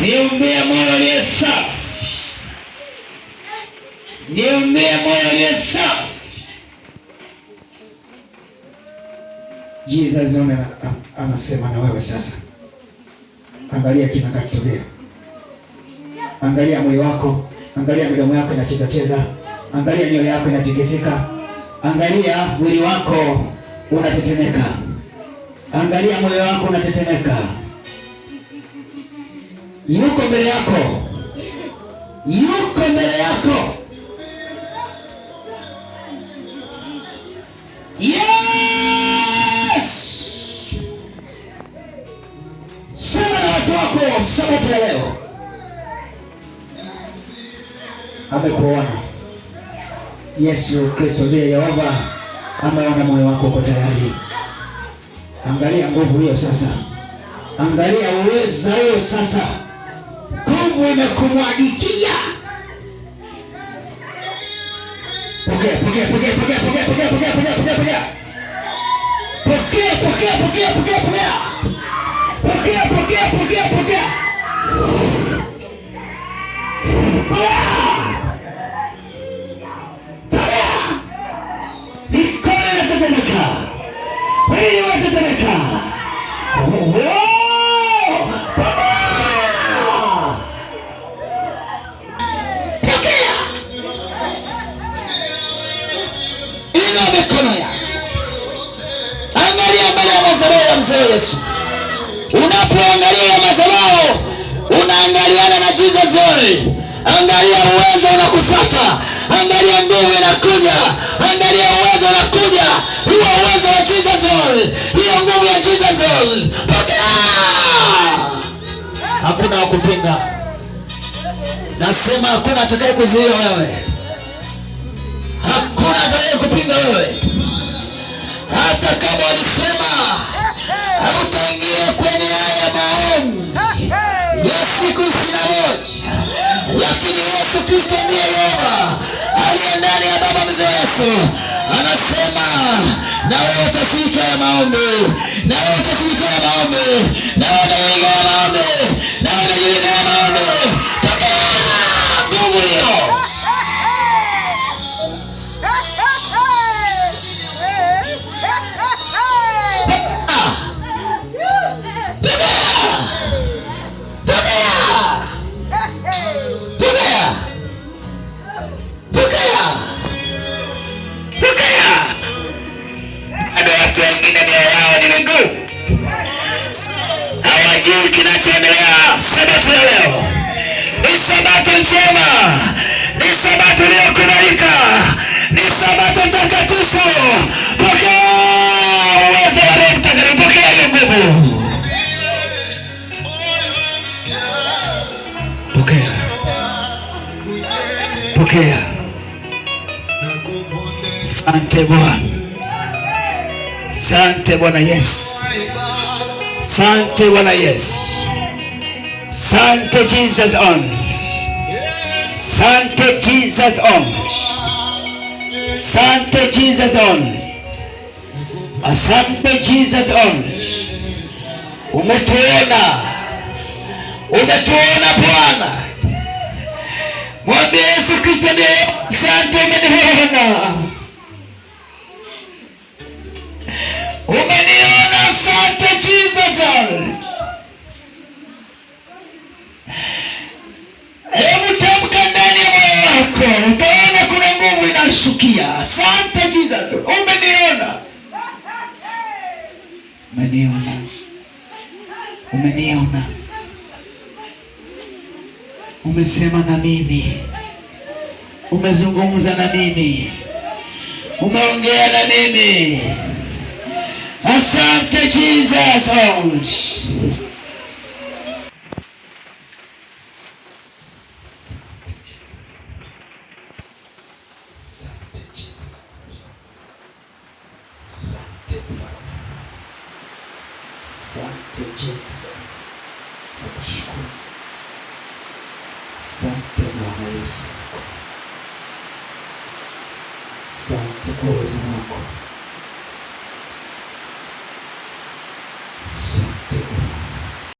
Niumbie moyo aliye safi, niumbie moyo aliye safi. Jesus anasema na wewe sasa. Angalia kinakatokea, angalia moyo wako, angalia midomo yako inachezacheza angalia nywele yako inatikisika, angalia mwili wako unatetemeka, angalia moyo wako unatetemeka yuko mbele yako, yuko mbele yako. Yes, sema na watu wako Sabato ya leo amekuona Yesu Kristo ndiye Yehova, ameona moyo wako uko tayari. Angalia nguvu hiyo sasa, angalia uweza huo sasa. Mungu amekumwandikia. Pokea, pokea, pokea, pokea, pokea, pokea, pokea, pokea, pokea, pokea. Pokea, pokea, pokea, pokea, pokea. Pokea, pokea, pokea, pokea. Mikono inatetemeka. Mwili unatetemeka. mzee Yesu. Unapoangalia mazalao unaangaliana na Jesus only. Angalia uwezo unakufuata, angalia nguvu inakuja, angalia uwezo unakuja, hiyo uwezo wa Jesus only, hiyo nguvu ya Jesus only. Hakuna kupinga, nasema hakuna atakaye kuzuia wewe, hakuna atakaye kupinga wewe, hata kama walisema yote ndiye Yeye aliye ndani ya Baba mzee Yesu anasema, na wewe utashiriki haya maombi, na wewe utashiriki haya maombi, na wewe hujui kinachoendelea sabato ya leo. Ni sabato njema, ni sabato iliyokubalika, ni sabato takatifu. Pokea uwezo wa Roho Mtakatifu, pokea hiyo nguvu, pokea, pokea. Sante Bwana, sante Bwana Yesu. Sante Bwana Yesu. Sante Jesus on. Sante Jesus on. Sante Jesus on. Asante Jesus on. Umetuona. Umetuona Bwana. Mwambie Yesu Kristo ndiye sante, umeniona. upendo tena, kuna nguvu inashukia. Asante Jesus, umeniona, umeniona, umeniona, umesema na mimi, umezungumza na mimi, umeongea na mimi. Asante Jesus. Injili sasa. Nakushukuru. Asante Bwana Yesu. Asante kwa uwezo wako.